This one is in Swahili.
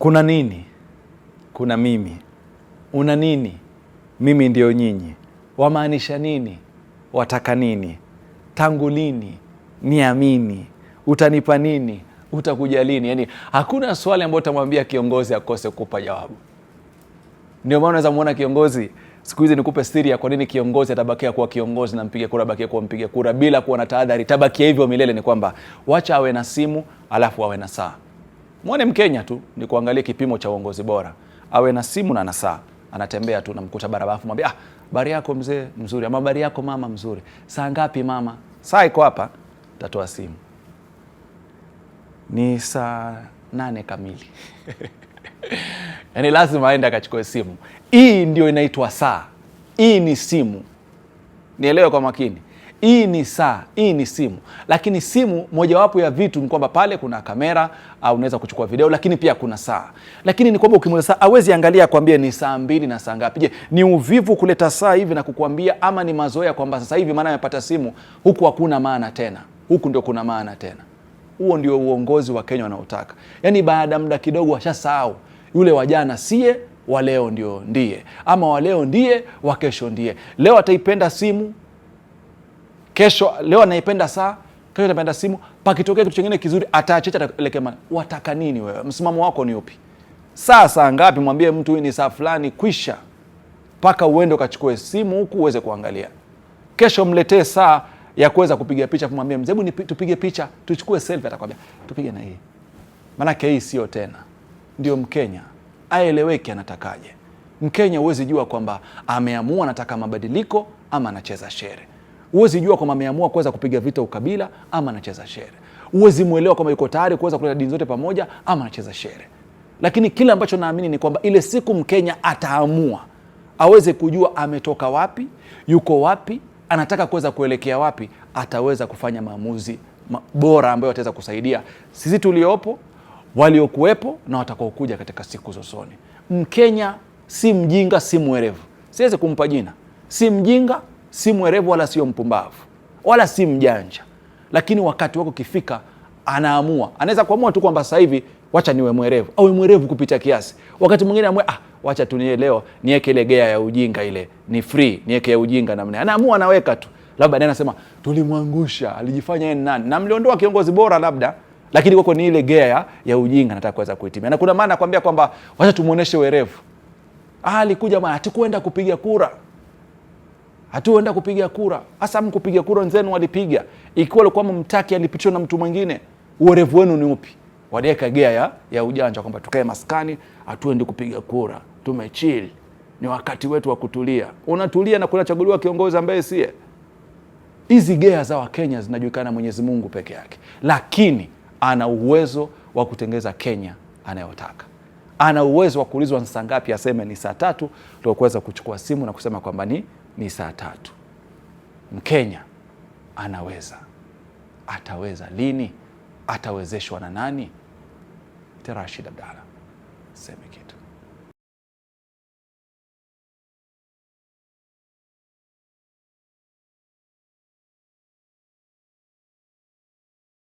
Kuna nini? Kuna mimi. Una nini? Mimi ndio nyinyi. Wamaanisha nini? Wataka nini? Tangu lini? Niamini. Utanipa nini? Utakuja lini? Yani hakuna swali ambayo utamwambia kiongozi akose kukupa jawabu. Ndio maana unaweza muona kiongozi siku hizi. Nikupe siri ya kwa nini kiongozi atabakia kuwa kiongozi na mpiga kura abakia kuwa mpiga kura bila kuwa na tahadhari, tabakia hivyo milele, ni kwamba wacha awe na simu alafu awe na saa. Mwone Mkenya tu ni kuangalia kipimo cha uongozi bora, awe na simu na na saa, anatembea tu, namkuta barabara, mwambia ah, bari yako mzee mzuri, ama bari yako mama mzuri, saa ngapi mama? Saa iko hapa, tatoa simu ni saa nane kamili yaani lazima aende akachukue simu. Hii ndio inaitwa saa, hii ni simu. Nielewe kwa makini hii ni saa, hii ni simu. Lakini simu mojawapo ya vitu ni kwamba pale kuna kamera au ah, unaweza kuchukua video, lakini pia kuna saa. Lakini ni kwamba ukimuuliza saa awezi angalia akwambie ni saa mbili na saa ngapi. Je, ni uvivu kuleta saa hivi na kukuambia ama ni mazoea kwamba sasa hivi maana amepata simu huku hakuna maana tena, huku ndio kuna maana tena. Huo ndio uongozi wa Kenya wanaotaka, yaani baada muda kidogo washasahau yule wajana sie waleo ndio ndiye ama waleo ndiye wakesho ndiye. Leo ataipenda simu kesho, leo anaipenda saa, kesho anapenda simu, pakitokea kitu kingine kizuri ataachicha mali Wataka nini wewe? Msimamo wako ni upi? Saa saa ngapi? Mwambie mtu huyu ni saa fulani, kwisha mpaka uende ukachukue simu huku uweze kuangalia. Kesho mletee saa ya kuweza kupiga picha, kumwambia mzebu ni tupige picha, tuchukue selfie. Atakwambia tupige na hii, maanake hii sio tena. Ndio Mkenya aeleweke, anatakaje Mkenya? Huwezi jua kwamba ameamua anataka mabadiliko ama anacheza shere. Huwezi jua kwamba ameamua kuweza kupiga vita ukabila ama anacheza shere. Huwezi mwelewa kwamba yuko tayari kuweza kuleta dini zote pamoja ama anacheza shere. Lakini kile ambacho naamini ni kwamba ile siku Mkenya ataamua aweze kujua ametoka wapi, yuko wapi, anataka kuweza kuelekea wapi, ataweza kufanya maamuzi bora ambayo ataweza kusaidia sisi tuliopo, waliokuwepo na watakaokuja katika siku zosoni Mkenya si mjinga, si mwerevu. Siwezi kumpa jina, si mjinga si mwerevu wala sio mpumbavu wala si mjanja, lakini wakati wako kifika anaamua. Anaweza kuamua tu kwamba sasa hivi wacha niwe mwerevu, awe mwerevu kupita kiasi. Wakati mwingine amwe, ah, wacha tu niye leo niweke ile gea ya ujinga, ile ni free, niweke ya ujinga namna. Anaamua, anaweka tu, labda baadaye anasema tulimwangusha, alijifanya yeye nani na mliondoa kiongozi bora labda lakini kwako ni ile gea ya ujinga, nataka kuweza kuitimia. Na kuna maana nakwambia kwamba wacha tumuoneshe werevu. Ah, alikuja maana hatukwenda kupiga kura, hatuenda kupiga kura. Hasa mkupiga kura wenzenu walipiga, ikiwa alikuwa mmtaki alipitiwa na mtu mwingine, uwerevu wenu ni upi? Waliweka gea ya, ya ujanja kwamba tukae maskani, hatuendi kupiga kura, tumechil, ni wakati wetu wa kutulia. Unatulia na kunachaguliwa kiongozi ambaye sie. Hizi gea za Wakenya zinajulikana Mwenyezi Mungu peke yake, lakini ana uwezo wa kutengeza Kenya anayotaka ana uwezo wa kuulizwa ni saa ngapi aseme ni saa tatu, ndio kuweza kuchukua simu na kusema kwamba ni ni saa tatu. Mkenya anaweza, ataweza lini? Atawezeshwa na nani? Terashid Abdalla seme kitu